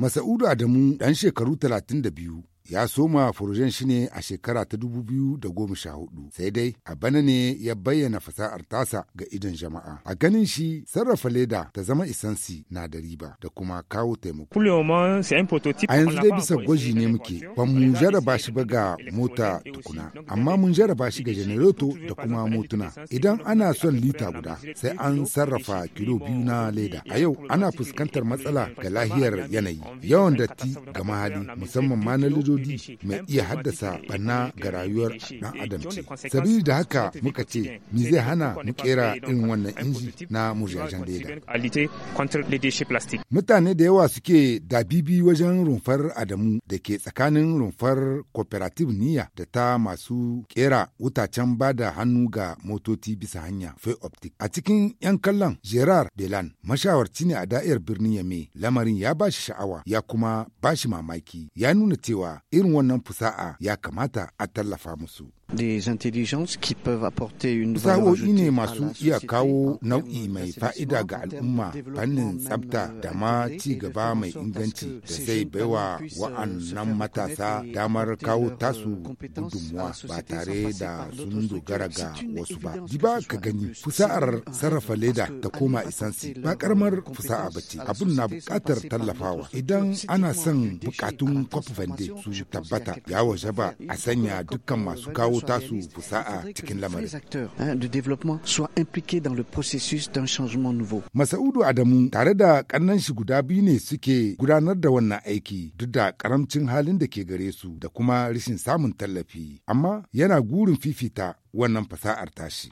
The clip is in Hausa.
Masa'udu Adamu ɗan shekaru talatin da biyu. ya soma furojen shi ne a shekara ta dubu biyu da goma sha hudu. sai dai a bana ne ya bayyana fasahar tasa ga idon jama'a a ganin shi sarrafa leda ta zama isansi na da riba da kuma kawo taimako a yanzu dai bisa gwaji ne muke ba mu jaraba shi ba ga mota tukuna amma mun jaraba shi ga janareto da kuma motuna idan ana son lita guda sai an sarrafa kilo biyu na leda a yau ana fuskantar matsala ga lahiyar yanayi yawan datti ga mahali musamman ma na lido sojoji mai iya haddasa banna ga rayuwar dan eh, adam ce. Sabili da haka muka ce, mi zai hana eh, mu kera irin wannan inji na murjajen eh, leda. Mutane da yawa suke dabibi wajen rumfar Adamu da ke tsakanin rumfar cooperative niya da ta masu kera wutacen bada hannu ga motoci bisa hanya fai optic. A cikin 'yan kallon Gerard Belan mashawarci ne a da'ir birnin Yame lamarin ya ba shi sha'awa ya kuma ba shi mamaki ya nuna cewa irin wannan fusa'a ya kamata a tallafa musu. Sa'o'i ne masu iya kawo nau'i euh, mai fa'ida ga al'umma fannin tsabta euh, da ma ci gaba mai inganci da zai baiwa euh, wa'annan matasa damar kawo tasu gudunmuwa ba tare da sun dogara ga wasu ba. Ji ba ka gani fusa'ar sarrafa leda ta koma isansi ba karamar fusa'a ba ce abin na bukatar tallafawa idan ana son bukatun kwafafande su tabbata ya waje ba a sanya dukkan masu kawo ta su fusa'a cikin lamarin. Masa'udu Adamu tare da ƙannan shi guda biyu ne suke gudanar da wannan aiki duk da ƙaramcin halin da ke gare su da kuma rashin samun tallafi, amma yana gurin fifita wannan fasa'ar tashi.